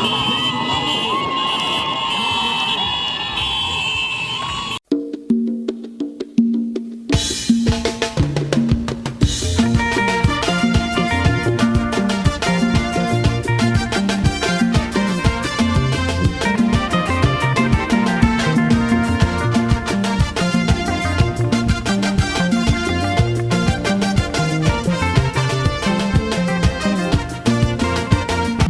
Yeah.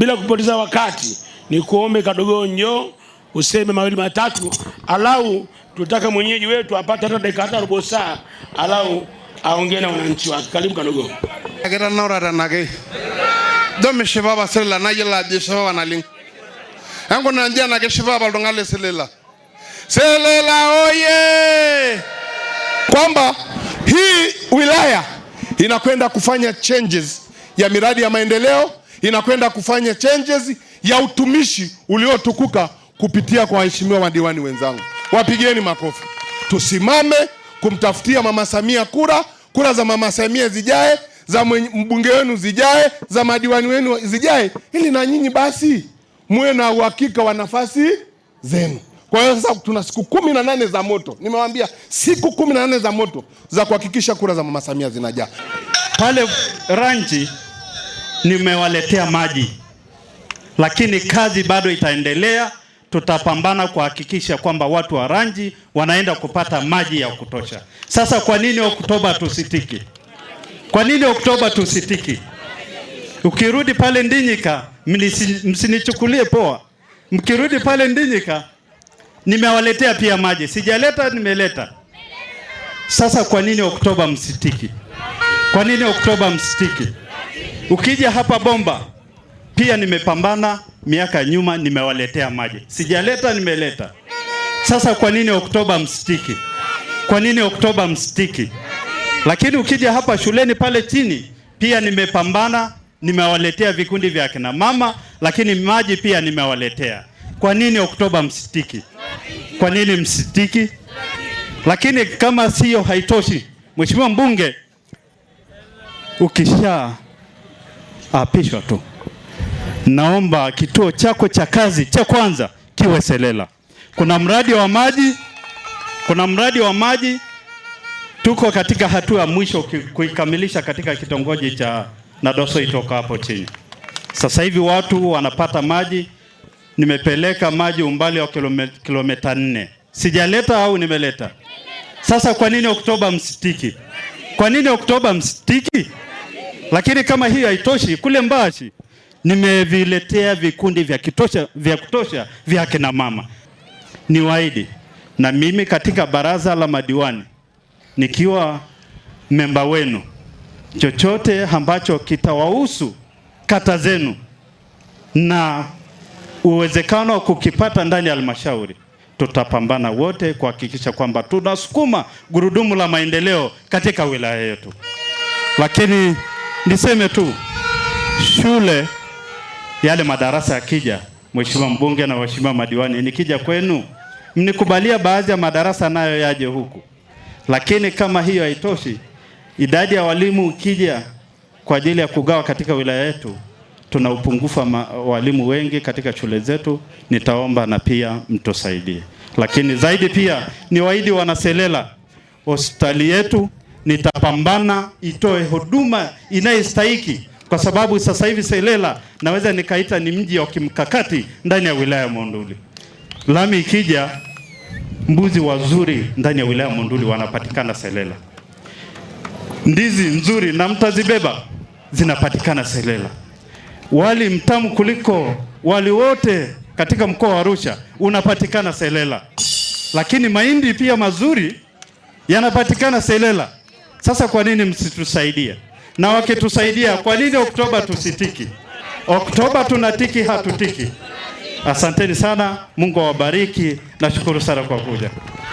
bila kupoteza wakati, ni kuombe kadogo njo useme mawili matatu, alau tutaka mwenyeji wetu apate hata dakika hata robo saa, alau aongee na wananchi wake. Karibu kadogo Agera na na ora aketanauratanake na yela di nayiolo na ling. naleng na nanji na shipapa iltung'anak le selela. Selela oye! Kwamba hii wilaya inakwenda kufanya changes ya miradi ya maendeleo inakwenda kufanya changes ya utumishi uliotukuka kupitia kwa waheshimiwa madiwani wenzangu, wapigeni makofi. Tusimame kumtafutia mama Samia kura. Kura za mama Samia zijae, za mbunge wenu zijae, za madiwani wenu zijae, ili na nyinyi basi muwe na uhakika wa nafasi zenu. Kwa hiyo sasa tuna siku kumi na nane za moto, nimewaambia siku kumi na nane za moto za kuhakikisha kura za mama Samia zinajaa pale ranchi nimewaletea maji, lakini kazi bado itaendelea. Tutapambana kuhakikisha kwamba watu wa Ranji wanaenda kupata maji ya kutosha. Sasa kwa nini Oktoba tusitiki? Kwa nini Oktoba tusitiki? Ukirudi pale Ndinyika, msinichukulie poa, mkirudi pale Ndinyika nimewaletea pia maji, sijaleta, nimeleta. Sasa kwa nini Oktoba msitiki? Kwa nini Oktoba msitiki? Ukija hapa bomba pia nimepambana miaka nyuma, nimewaletea maji, sijaleta nimeleta. Sasa kwa nini Oktoba msitiki? Kwa nini Oktoba msitiki? Lakini ukija hapa shuleni pale chini pia nimepambana, nimewaletea vikundi vya kina mama, lakini maji pia nimewaletea. Kwa nini Oktoba msitiki? Kwa nini msitiki? Lakini kama siyo haitoshi, mheshimiwa mbunge, ukisha aapishwa tu. Naomba kituo chako cha kazi cha kwanza kiwe Selela. Kuna mradi wa maji, kuna mradi wa maji tuko katika hatua ya mwisho kuikamilisha katika kitongoji cha Nadoso itoka hapo chini. Sasa hivi watu wanapata maji, nimepeleka maji umbali wa kilomita nne. Sijaleta au nimeleta? Sasa kwa nini Oktoba msitiki? Kwa nini Oktoba msitiki? Lakini kama hii haitoshi, kule Mbashi nimeviletea vikundi vya kitosha, vya kutosha vya kina mama. Ni waidi na mimi katika baraza la madiwani nikiwa memba wenu, chochote ambacho kitawahusu kata zenu na uwezekano wa kukipata ndani ya halmashauri, tutapambana wote kuhakikisha kwamba tunasukuma gurudumu la maendeleo katika wilaya yetu, lakini Niseme tu shule yale madarasa yakija, mheshimiwa mbunge na mheshimiwa madiwani, nikija kwenu mnikubalia baadhi ya madarasa nayo yaje huku, lakini kama hiyo haitoshi, idadi ya walimu ukija kwa ajili ya kugawa katika wilaya yetu, tuna upungufu wa walimu wengi katika shule zetu. Nitaomba na pia mtusaidie, lakini zaidi pia ni waidi wanaselela hospitali yetu nitapambana itoe huduma inayostahiki, kwa sababu sasa hivi Selela naweza nikaita ni mji wa kimkakati ndani ya wilaya ya Monduli. Lami ikija, mbuzi wazuri ndani ya wilaya ya Monduli wanapatikana Selela, ndizi nzuri na mtazibeba zinapatikana Selela, wali mtamu kuliko wali wote katika mkoa wa Arusha unapatikana Selela, lakini mahindi pia mazuri yanapatikana Selela. Sasa kwa nini msitusaidia Na wakitusaidia kwa nini Oktoba tusitiki? Oktoba tunatiki, hatutiki. Asanteni sana, Mungu awabariki. Nashukuru sana kwa kuja.